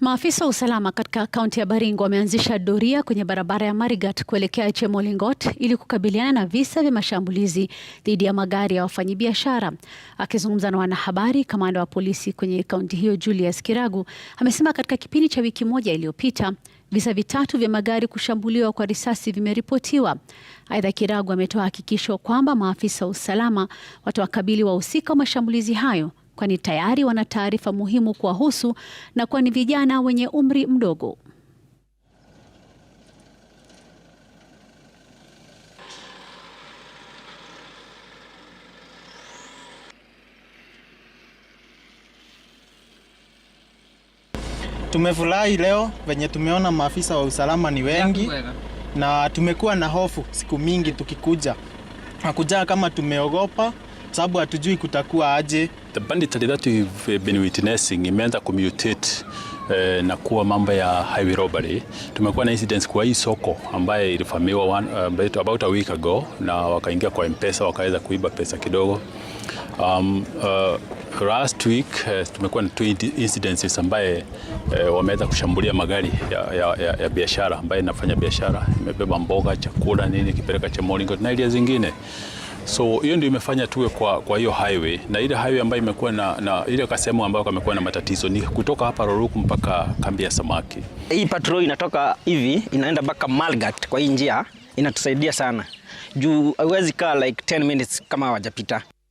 Maafisa wa usalama katika kaunti ya Baringo wameanzisha doria kwenye barabara ya Marigat kuelekea Chemolingot ili kukabiliana na visa vya mashambulizi dhidi ya magari ya wafanyabiashara. Akizungumza na wanahabari, kamanda wa polisi kwenye kaunti hiyo Julius Kiragu amesema katika kipindi cha wiki moja iliyopita visa vitatu vya magari kushambuliwa kwa risasi vimeripotiwa. Aidha, Kiragu ametoa hakikisho kwamba maafisa wa usalama watawakabili wahusika wa mashambulizi hayo kwani tayari wana taarifa muhimu kuwahusu na kwani vijana wenye umri mdogo. Tumefurahi leo venye tumeona maafisa wa usalama ni wengi na tumekuwa na hofu siku mingi tukikuja, hakujaa kama tumeogopa sababu hatujui kutakuwa aje. The banditry that we've been witnessing imeanza kumutate eh, na kuwa mambo ya highway robbery. Tumekuwa na incidents kwa hii soko ambayo ilifamiwa uh, about a week ago na wakaingia kwa mpesa wakaweza kuiba pesa kidogo. Um, uh, last week uh, tumekuwa na 20 incidences ambaye uh, wameweza kushambulia magari ya, ya, ya, ya biashara ambaye inafanya biashara imebeba mboga, chakula, nini kipeleka cha Moringo na ile zingine. So hiyo ndio imefanya tuwe kwa, kwa hiyo highway na ile highway ambayo imekuwa na, na ile kasehemu ambayo kamekuwa na matatizo ni kutoka hapa Roruk mpaka kambi ya samaki. Hii patrol inatoka hivi inaenda mpaka Malgat, kwa hii njia inatusaidia sana juu haiwezi kaa like 10 minutes kama hawajapita.